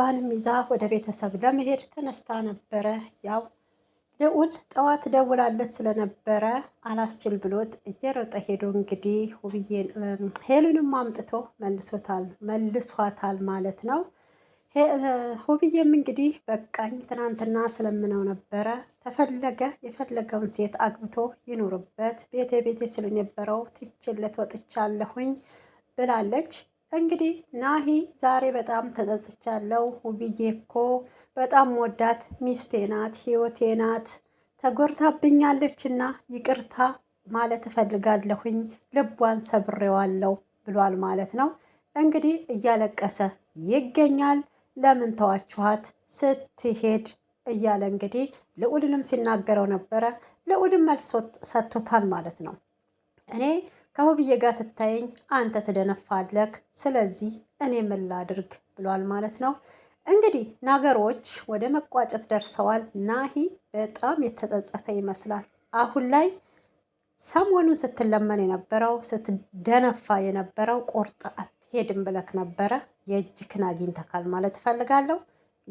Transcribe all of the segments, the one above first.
ባንም ይዛ ወደ ቤተሰብ ለመሄድ ተነስታ ነበረ። ያው ልዑል ጠዋት ደውላለት ስለነበረ አላስችል ብሎት እየሮጠ ሄዶ እንግዲህ ውብዬን ሄሉንም አምጥቶ መልሶታል መልሷታል ማለት ነው። ሁብዬም እንግዲህ በቃኝ ትናንትና ስለምነው ነበረ ተፈለገ የፈለገውን ሴት አግብቶ ይኑርበት ቤቴ ቤቴ ስለነበረው ትችለት ወጥቻለሁኝ ብላለች። እንግዲህ ናሂ ዛሬ በጣም ተጸጽቻለሁ። ውብዬ እኮ በጣም ወዳት ሚስቴ ናት፣ ህይወቴ ናት። ተጎድታብኛለች እና ይቅርታ ማለት እፈልጋለሁኝ። ልቧን ሰብሬዋለሁ ብሏል ማለት ነው። እንግዲህ እያለቀሰ ይገኛል። ለምን ተዋችኋት ስትሄድ እያለ እንግዲህ ልዑልንም ሲናገረው ነበረ። ልዑልም መልስ ሰጥቶታል ማለት ነው። እኔ ከሁብዬ ጋር ስታየኝ አንተ ትደነፋለክ፣ ስለዚህ እኔ ምን ላድርግ ብሏል ማለት ነው። እንግዲህ ነገሮች ወደ መቋጨት ደርሰዋል። ናሂ በጣም የተጸጸተ ይመስላል። አሁን ላይ ሰሞኑን ስትለመን የነበረው ስትደነፋ የነበረው ቆርጣ አትሄድም ብለክ ነበረ የእጅክን አግኝተካል ማለት እፈልጋለሁ።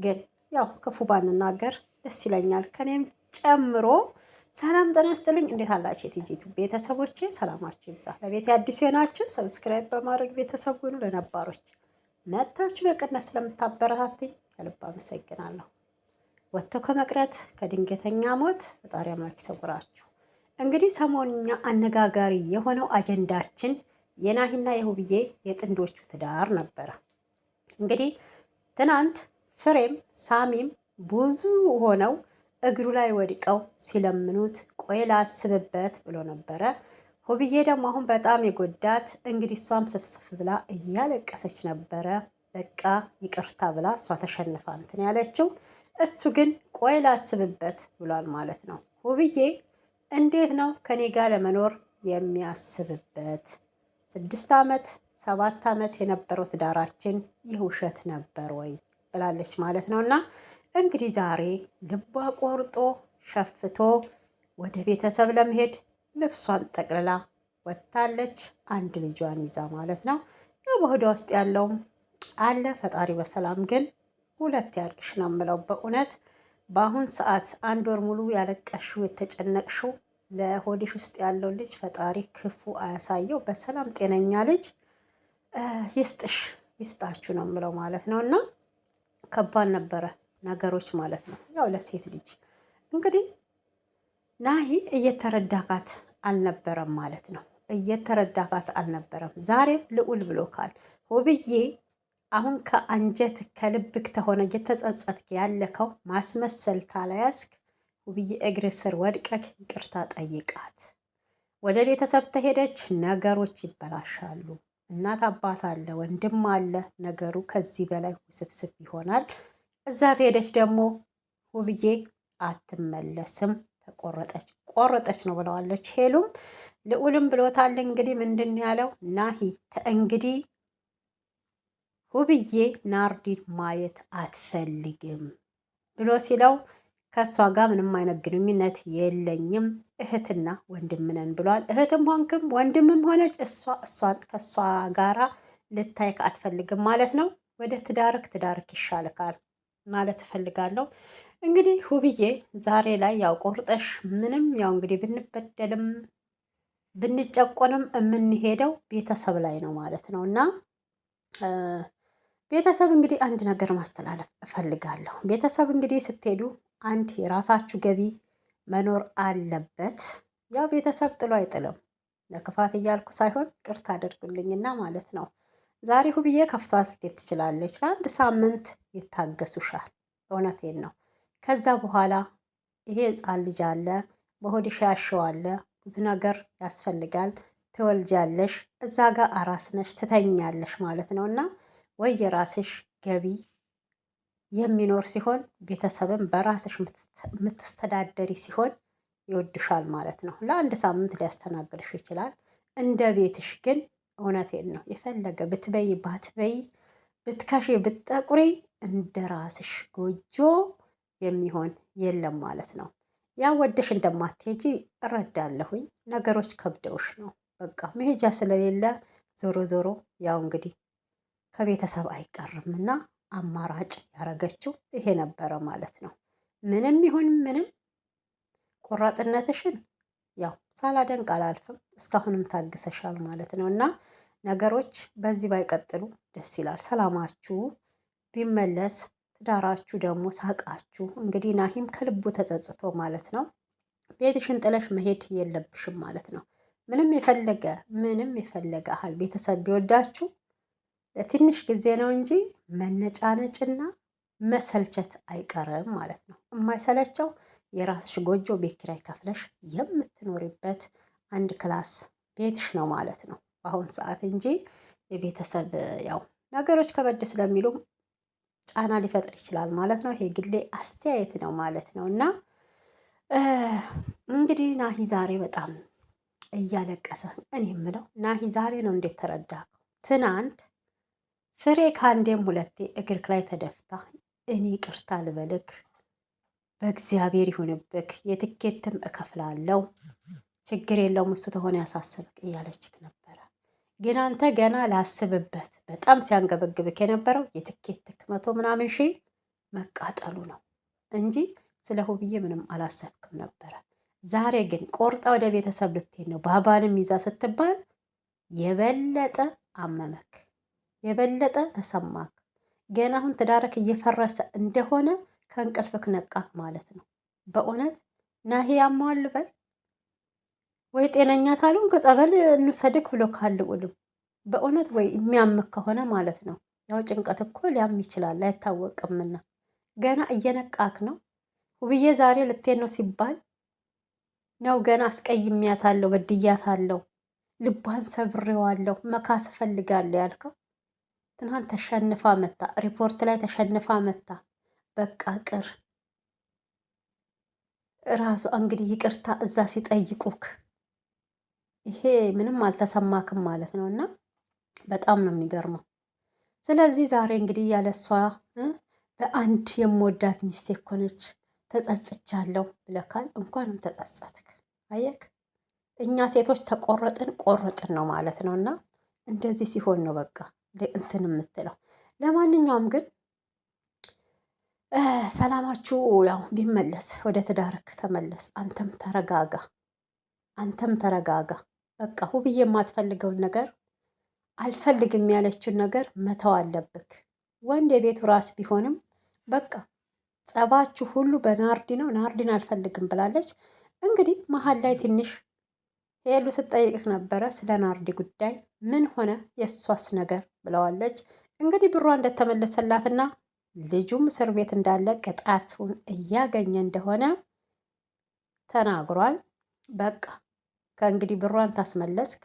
ግን ያው ክፉ ባንናገር ደስ ይለኛል ከኔም ጨምሮ ሰላም ጤና ይስጥልኝ። እንዴት አላችሁ የቲጂቱ ቤተሰቦቼ? ሰላማችሁ ይብዛ። ለቤት አዲስ የሆናችሁ ሰብስክራይብ በማድረግ ቤተሰብ ሁኑ። ለነባሮች መታችሁ በቅነት ስለምታበረታትኝ ከልብ አመሰግናለሁ። ወጥቶ ከመቅረት ከድንገተኛ ሞት ፈጣሪ አምላክ ይሰውራችሁ። እንግዲህ ሰሞኑኛ አነጋጋሪ የሆነው አጀንዳችን የናሂና የሁብዬ የጥንዶቹ ትዳር ነበረ። እንግዲህ ትናንት ፍሬም ሳሚም ብዙ ሆነው እግሩ ላይ ወድቀው ሲለምኑት ቆይ ላስብበት ብሎ ነበረ። ሆብዬ ደግሞ አሁን በጣም የጎዳት እንግዲህ እሷም ስፍስፍ ብላ እያለቀሰች ነበረ። በቃ ይቅርታ ብላ እሷ ተሸንፋ እንትን ያለችው እሱ ግን ቆይ ላስብበት ብሏል ማለት ነው። ሆብዬ እንዴት ነው ከኔ ጋር ለመኖር የሚያስብበት? ስድስት ዓመት ሰባት ዓመት የነበረው ትዳራችን ይህ ውሸት ነበር ወይ ብላለች ማለት ነው እና እንግዲህ ዛሬ ልቧ ቆርጦ ሸፍቶ ወደ ቤተሰብ ለመሄድ ልብሷን ጠቅልላ ወጥታለች። አንድ ልጇን ይዛ ማለት ነው። ያው በሆዷ ውስጥ ያለውም አለ። ፈጣሪ በሰላም ግን ሁለት ያርግሽ ነው የምለው በእውነት በአሁን ሰዓት አንድ ወር ሙሉ ያለቀሽው የተጨነቅሽው ለሆድሽ ውስጥ ያለው ልጅ ፈጣሪ ክፉ አያሳየው። በሰላም ጤነኛ ልጅ ይስጥሽ ይስጣችሁ ነው የምለው ማለት ነው። እና ከባድ ነበረ ነገሮች ማለት ነው። ያው ለሴት ልጅ እንግዲህ ናሂ እየተረዳካት አልነበረም ማለት ነው። እየተረዳካት አልነበረም። ዛሬም ልዑል ብሎካል። ውብዬ አሁን ከአንጀት ከልብክ ተሆነ እየተጸጸትክ ያለከው ማስመሰል ታላያስክ ውብዬ እግር ስር ወድቀክ ይቅርታ ጠይቃት። ወደ ቤተሰብ ተሄደች ነገሮች ይበላሻሉ። እናት አባት አለ፣ ወንድም አለ። ነገሩ ከዚህ በላይ ውስብስብ ይሆናል። እዛ ትሄደች ደግሞ ውብዬ አትመለስም ተቆረጠች ቆረጠች ነው ብለዋለች። ሄሉም ልዑልም ብሎታል። እንግዲህ ምንድን ያለው ናሂ እንግዲህ ውብዬ ናርዲን ማየት አትፈልግም ብሎ ሲለው ከእሷ ጋር ምንም አይነት ግንኙነት የለኝም እህትና ወንድም ነን ብሏል። እህትም ሆንክም ወንድምም ሆነች እሷ እሷን ከእሷ ጋራ ልታይክ አትፈልግም ማለት ነው። ወደ ትዳርክ ትዳርክ ይሻልካል ማለት እፈልጋለሁ። እንግዲህ ሁብዬ ዛሬ ላይ ያው ቆርጠሽ ምንም ያው እንግዲህ ብንበደልም ብንጨቆንም የምንሄደው ቤተሰብ ላይ ነው ማለት ነው እና ቤተሰብ እንግዲህ አንድ ነገር ማስተላለፍ እፈልጋለሁ። ቤተሰብ እንግዲህ ስትሄዱ አንድ የራሳችሁ ገቢ መኖር አለበት። ያው ቤተሰብ ጥሎ አይጥልም። ለክፋት እያልኩ ሳይሆን ቅርት አድርጉልኝና ማለት ነው ዛሬ ሁብዬ ከፍቷት ልትሄድ ትችላለች። ለአንድ ሳምንት ይታገሱሻል። እውነቴን ነው። ከዛ በኋላ ይሄ ህፃን ልጅ አለ፣ በሆድሽ ያሸው አለ፣ ብዙ ነገር ያስፈልጋል። ትወልጃለሽ፣ እዛ ጋር አራስ ነሽ፣ ትተኛለሽ ማለት ነው እና ወይ የራስሽ ገቢ የሚኖር ሲሆን ቤተሰብን በራስሽ የምትስተዳደሪ ሲሆን ይወድሻል ማለት ነው። ለአንድ ሳምንት ሊያስተናግድሽ ይችላል። እንደ ቤትሽ ግን እውነቴን ነው። የፈለገ ብትበይ ባትበይ ብትከሽ ብትጠቁሪ እንደ ራስሽ ጎጆ የሚሆን የለም ማለት ነው። ያ ወደሽ እንደማትሄጂ እረዳለሁኝ። ነገሮች ከብደውሽ ነው በቃ መሄጃ ስለሌለ ዞሮ ዞሮ ያው እንግዲህ ከቤተሰብ አይቀርም እና አማራጭ ያረገችው ይሄ ነበረ ማለት ነው። ምንም ይሁን ምንም ቆራጥነትሽን ያው ሳላደንቅ አላልፍም። እስካሁንም ታግሰሻል ማለት ነው እና ነገሮች በዚህ ባይቀጥሉ ደስ ይላል። ሰላማችሁ ቢመለስ ትዳራችሁ ደግሞ ሳቃችሁ። እንግዲህ ናሂም ከልቡ ተጸጽቶ ማለት ነው ቤትሽን ጥለሽ መሄድ የለብሽም ማለት ነው። ምንም የፈለገ ምንም የፈለገ አህል ቤተሰብ ቢወዳችሁ ለትንሽ ጊዜ ነው እንጂ መነጫነጭና መሰልቸት አይቀርም ማለት ነው። የማይሰለቸው የራስሽ ጎጆ ቤት ኪራይ ከፍለሽ የምትኖሪበት አንድ ክላስ ቤትሽ ነው ማለት ነው በአሁን ሰዓት እንጂ የቤተሰብ ያው ነገሮች ከበድ ስለሚሉ ጫና ሊፈጥር ይችላል ማለት ነው። ይሄ ግሌ አስተያየት ነው ማለት ነው። እና እንግዲህ ናሂ ዛሬ በጣም እያለቀሰ እኔ የምለው ናሂ ዛሬ ነው እንዴት ተረዳ? ትናንት ፍሬ ከአንዴም ሁለቴ እግርክ ላይ ተደፍታ እኔ ቅርታ ልበልክ በእግዚአብሔር ይሁንብክ፣ የትኬትም እከፍላለው፣ ችግር የለውም እሱ ተሆነ ያሳስብክ እያለችክ ነበረ። ግን አንተ ገና ላስብበት በጣም ሲያንገበግብክ የነበረው የትኬትክ መቶ ምናምን ሺህ መቃጠሉ ነው እንጂ ስለ ሁብዬ ምንም አላሰብክም ነበረ። ዛሬ ግን ቆርጣ ወደ ቤተሰብ ልትሄድ ነው ባባንም ይዛ ስትባል የበለጠ አመመክ፣ የበለጠ ተሰማክ። ገና አሁን ትዳረክ እየፈረሰ እንደሆነ ከእንቅልፍ ነቃክ ማለት ነው። በእውነት ናሂ ያማዋል በል ወይ ጤነኛ ታሉን ከጸበል እንውሰድክ ብሎ ካልውልም በእውነት ወይ የሚያምክ ከሆነ ማለት ነው። ያው ጭንቀት እኮ ሊያም ይችላል አይታወቅምና ገና እየነቃክ ነው። ውብዬ ዛሬ ልትሄድ ነው ሲባል ነው ገና አስቀይሜያታለሁ፣ በድያታለሁ፣ ልቧን ሰብሬዋለሁ፣ መካስ እፈልጋለሁ ያልከው ትናንት ተሸንፋ መታ ሪፖርት ላይ ተሸንፋ መታ በቃ ቅር ራሱ እንግዲህ ይቅርታ እዛ ሲጠይቁክ ይሄ ምንም አልተሰማክም ማለት ነው። እና በጣም ነው የሚገርመው። ስለዚህ ዛሬ እንግዲህ ያለሷ በአንድ የምወዳት ሚስቴ እኮ ነች ተጸጽቻለሁ ብለካል። እንኳንም ተጸጸትክ። አየክ፣ እኛ ሴቶች ተቆረጥን ቆረጥን ነው ማለት ነው። እና እንደዚህ ሲሆን ነው በቃ እንትን የምትለው ለማንኛውም ግን ሰላማችሁ ያው ቢመለስ ወደ ትዳርክ ተመለስ። አንተም ተረጋጋ፣ አንተም ተረጋጋ። በቃ ሁብዬ የማትፈልገውን ነገር አልፈልግም ያለችን ነገር መተው አለብክ። ወንድ የቤቱ ራስ ቢሆንም በቃ ጸባችሁ ሁሉ በናርዲ ነው፣ ናርዲን አልፈልግም ብላለች። እንግዲህ መሀል ላይ ትንሽ ሄሉ ስትጠይቅህ ነበረ ስለ ናርዲ ጉዳይ ምን ሆነ የእሷስ ነገር ብለዋለች። እንግዲህ ብሯ እንደተመለሰላትና ልጁም እስር ቤት እንዳለ ቅጣቱን እያገኘ እንደሆነ ተናግሯል። በቃ ከእንግዲህ ብሯን ታስመለስክ፣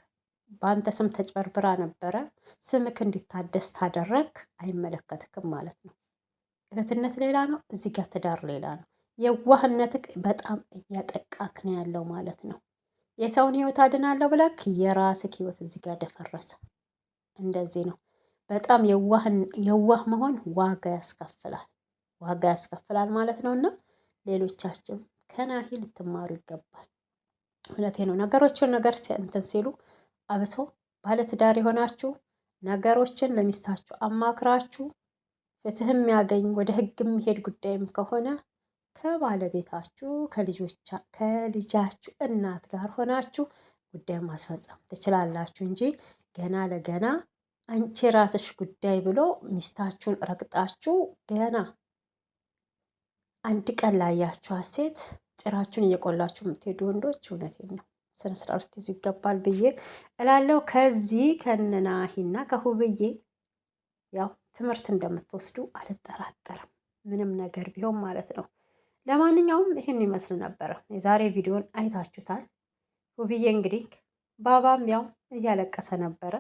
በአንተ ስም ተጭበርብራ ነበረ፣ ስምክ እንዲታደስ ታደረግ፣ አይመለከትክም ማለት ነው። እህትነት ሌላ ነው፣ እዚህ ጋር ትዳር ሌላ ነው። የዋህነትክ በጣም እያጠቃክ ነው ያለው ማለት ነው። የሰውን ህይወት አድናለሁ ብለክ የራስክ ህይወት እዚህ ጋር ደፈረሰ። እንደዚህ ነው። በጣም የዋህ መሆን ዋጋ ያስከፍላል ዋጋ ያስከፍላል ማለት ነው። እና ሌሎቻችን ከናሂ ልትማሩ ይገባል። እውነቴ ነው። ነገሮችን ነገር እንትን ሲሉ አብሶ ባለትዳር የሆናችሁ ነገሮችን ለሚስታችሁ አማክራችሁ ፍትህ የሚያገኝ ወደ ህግ የሚሄድ ጉዳይም ከሆነ ከባለቤታችሁ ከልጃችሁ እናት ጋር ሆናችሁ ጉዳይ ማስፈጸም ትችላላችሁ እንጂ ገና ለገና አንቺ ራስሽ ጉዳይ ብሎ ሚስታችሁን ረግጣችሁ ገና አንድ ቀን ላያችኋት ሴት ጭራችሁን እየቆላችሁ የምትሄዱ ወንዶች እውነቴን ነው ስነስርዓት ይዙ ይገባል ብዬ እላለሁ። ከዚህ ከነናሂና ከሁብዬ ያው ትምህርት እንደምትወስዱ አልጠራጠርም፣ ምንም ነገር ቢሆን ማለት ነው። ለማንኛውም ይህን ይመስል ነበረ የዛሬ ቪዲዮን አይታችሁታል። ሁብዬ እንግዲህ ባባም ያው እያለቀሰ ነበረ።